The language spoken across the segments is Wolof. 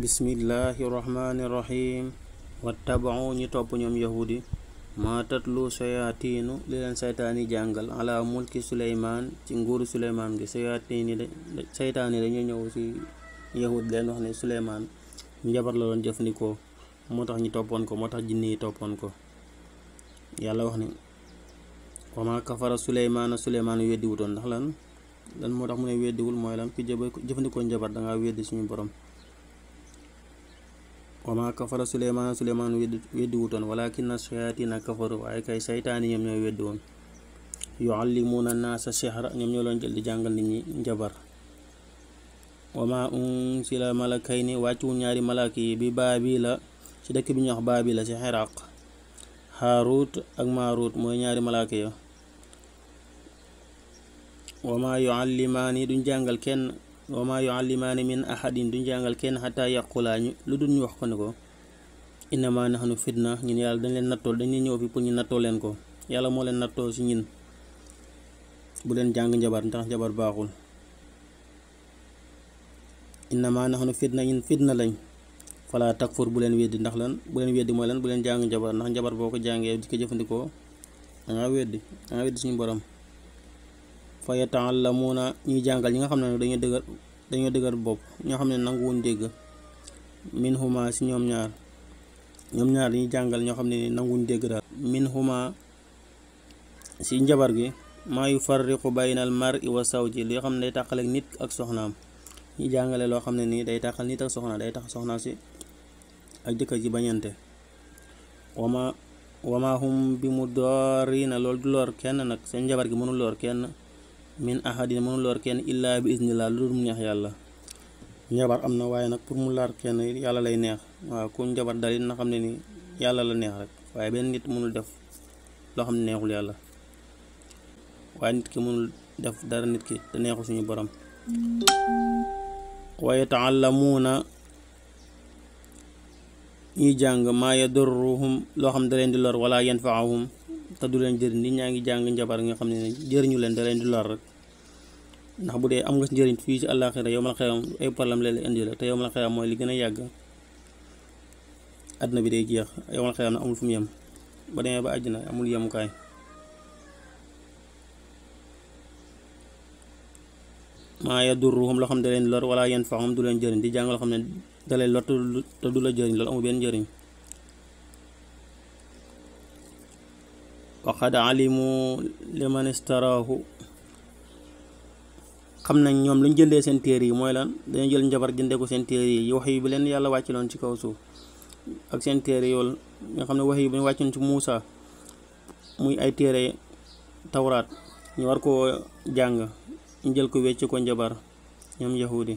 bismillahi rahmaani rahim wattabau ñi topp ñoom yahudi maa tatlu soyaatiinu li leen saytaani jàngal ala mulki suleymaan ci nguuru suleymaan gi soyaatiini da saytaani dañu ñëw ci yahud leen wax ne suleymaan njabar la doon jëfandikoo moo tax ñi toppoon ko moo tax jinne yi toppoon ko yàlla wax ne wa maa kafara suleymaana suleymaan weddi ndax lan lan moo tax mu ne weddiwul mooy lan ku jëfandikoo njabar dangaa weddi suñu borom wama kafara suleymaana suleymaan weddi wutoon walakin shayatina kafaru waaye kay saytaani ñoom ñooy weddi woon yuallimuuna naasa sihra ñoom ñoo loon jël di jàngal nit ñi njabar wama unsila malakay ni wàccuwul ñaari malaka yi bi baabila ci dëkk bi ñuy wax baabila ci xiraq xaaruut ak maaruut mooy ñaari malaka ya wama yuallimaani duñ jàngal kenn wa maa yuallimaani min ahadin duñ jàngal kenn xataa yaqulaañu lu dul ñu wax ko ne ko innama nahnu fitna ñun yàlla dañ leen nattool dañuy leen ñëw fi pour ñu nattoo leen ko yàlla moo leen nattoo si ñin bu leen jàng njabar ndax njabar baaxul innama nahnu fitna ñun fitna lañ fala takfur bu leen weddi ndax lan bu leen weddi mooy bu leen jàng njabar ndax njabar boo ko jàngee di ko jëfandikoo danga weddi danga weddi suñu borom fa yata'allamuuna ñuy jàngal ñi nga xam ne dañu dëgër dañoo dëgër bopp ñoo xam ne nanguwuñ dégg min huma si ñoom ñaar ñoom ñaar dañuy jàngal ñoo xam ne nanguwuñ dégg daal min si njabar gi maa yufarriqu bayna al mar'i wa zawji li xam ne day tàqaleek nit ak soxnaam ñi jàngale loo xam ne nii day tàqal nit ak soxna day tax soxna si ak jëkkër ji bañante wama wama bi mu doori na loolu du lor kenn nag seen njabar gi mënul lor kenn min ahadin mënu lor kenn illaa bi iznillah lu dul mu neex yàlla njabar am na waaye nag pour mu laar kenn yàlla lay neex waaw ku njabar dal it na ne ni yàlla la neex rek waaye benn nit mënul def loo neexul yàlla waaye ki mënul def dara nit ki te neexul suñu borom wa yataallamuuna ñuy jàng dor yadurruhum loo xam da leen di lor wala yanfaahum te du leen jëriñ nit ñaa ngi jàng njabar nga xam ne jëriñu leen da leen di lor rek ndax bu dee am nga njëriñ fii ci àllaaxira yow mal xeyam la te yow mal li gën a yàgg bi day jeex yow mal amul fu mu yem ba demee ba àjjana amul yemukaay maa yadurruhum loo xam ne da leen lor wala jëriñ di jàng loo xam lor te du la jëriñ loolu amul benn jëriñ waqad alimu liman istaraahu xam nañ ñoom lu ñu jëndee seen téere yi mooy lan dañu jël njabar jëndee ko seen téer yi wax yi bi leen yàlla wàcciloon ci kaw suuf ak seen téere yool nga xam ne wax yi bi ñu wàccoon ci Muusa muy ay téere tawraat ñu war ko jàng ñu jël ko wecc ko njabar ñoom yahudi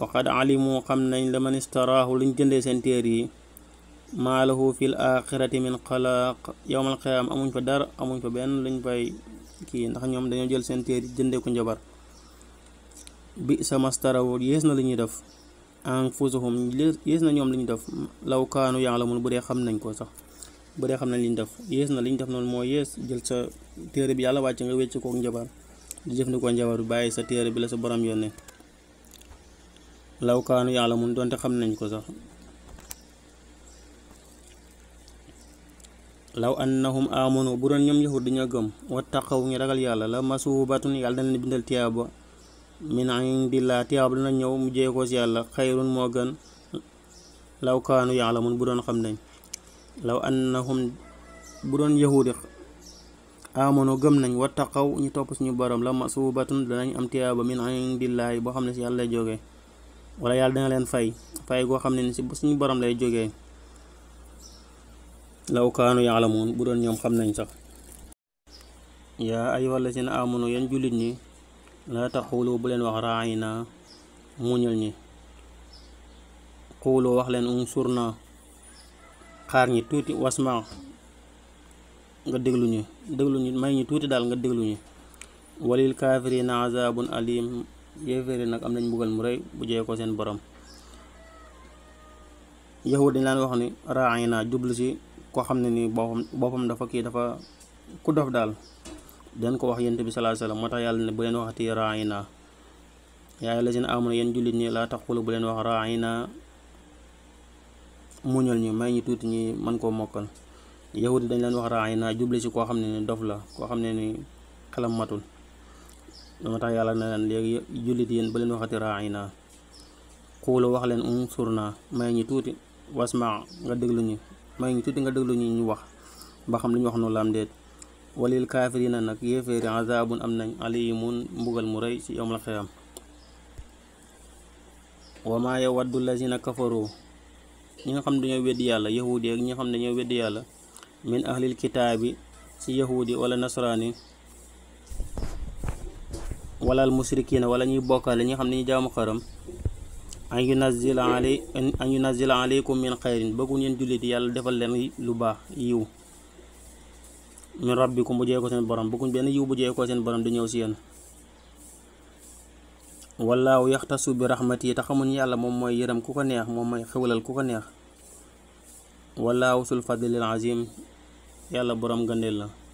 waqad alimu xam nañ liman lu ñu jëndee seen téere yi maa lahu fil axirati min xalaaq yowmal qiyaama amuñ fa dara amuñ fa benn luñ fay kii ndax ñoom dañoo jël seen téere jëndee ko njabar bi sama staraw yées na li ñuy def anfusuhum yées na ñoom li ñu def law kaanu la ya'lamuun bu dee xam nañ ko sax bu dee xam nañ li ñu def yées na li ñu def noonu moo yées jël sa téere bi yàlla wàcc nga wécc kook njabar di jëfandikoo njabar bàyyi sa téere bi la sa borom yónnee law kaanu mun donte xam nañ ko sax law annahum amanu bu doon ñoom yahud dañoo gëm wattaqaw ñu ragal yàlla la masuubatun yàlla dana leen bindal tiyaaba min indillah tiyaaba dana ñëw mu jee ko si yàlla xayrun moo gën law kaanu yaalamun bu doon xam nañ law annahum bu doon yahudi amanu gëm nañ wattaqaw ñu topp suñu borom la masuubatun danañ am tiyaaba min indillahi boo xam ne si yàlla lay jógee wala yàlla dana leen fay fay goo xam ne si suñu borom lay jógee law kaanu yaalamuun bu doon ñoom xam nañ sax yaa ayyuhal lazina aamanu yan jullit ñi laa taxulu bu leen wax raay naa muñal ñi xuuloo wax leen um suur naa xaar ñi tuuti wasma nga déglu ñu déglu ñu may ñu tuuti daal nga déglu ñu walil kaafiriina azaabun aliim yéeféeri nag am nañ mbugal mu rëy bu jee ko seen borom yahud dañ laan wax ni raay naa jublu si koo xam ne ni boppam boppam dafa kii dafa ku dof daal den ko wax yonent bi sallallahu alayhi wasallam moo tax yàlla ne bu leen la seen amoon yéen jullit ñi laa bu leen wax raayna muñal ñu may ñu tuuti ñi mën koo mokkal yahudi dañ leen wax raay naa jubli koo xam ne ni dof la koo xam ne ni xelam matul dama tax na leen léegi jullit yéen ba leen waxati raay naa xuulu wax leen unsur naa may ñu tuuti wasma nga déglu maa ngi tuuti nga déglu ñu ñu wax ba xam li ñu wax noonu la am déet kaafirina nag yéeféeri azaabun am nañ aliimun mbugal mu rëy ci yawmal xiyaam wa maa yawaddu lazina kafaru ñi xam ne dañoo weddi yàlla yahuudi ak ñi nga xam ne dañoo weddi yàlla min ahlil kitaabi ci yahuudi wala nasraani walaal musrikiina wala ñuy bokkaale ñi xam ne ñu jaamu xaram an yunazila alay an yunazila alaykum min xayrin bëgguñ yéen jullit yàlla defal leen lu baax yiw min rabbikum bu jëyee ko seen borom bëgguñ benn yiw bu jëyee ko seen borom di ñëw si yéen wallaahu yaxtasu bi raxmati te xamuñ yàlla moom mooy yërëm ku ko neex moom mooy xewlal ku ko neex wallaahu sul fadlil azim yàlla borom gëndeel la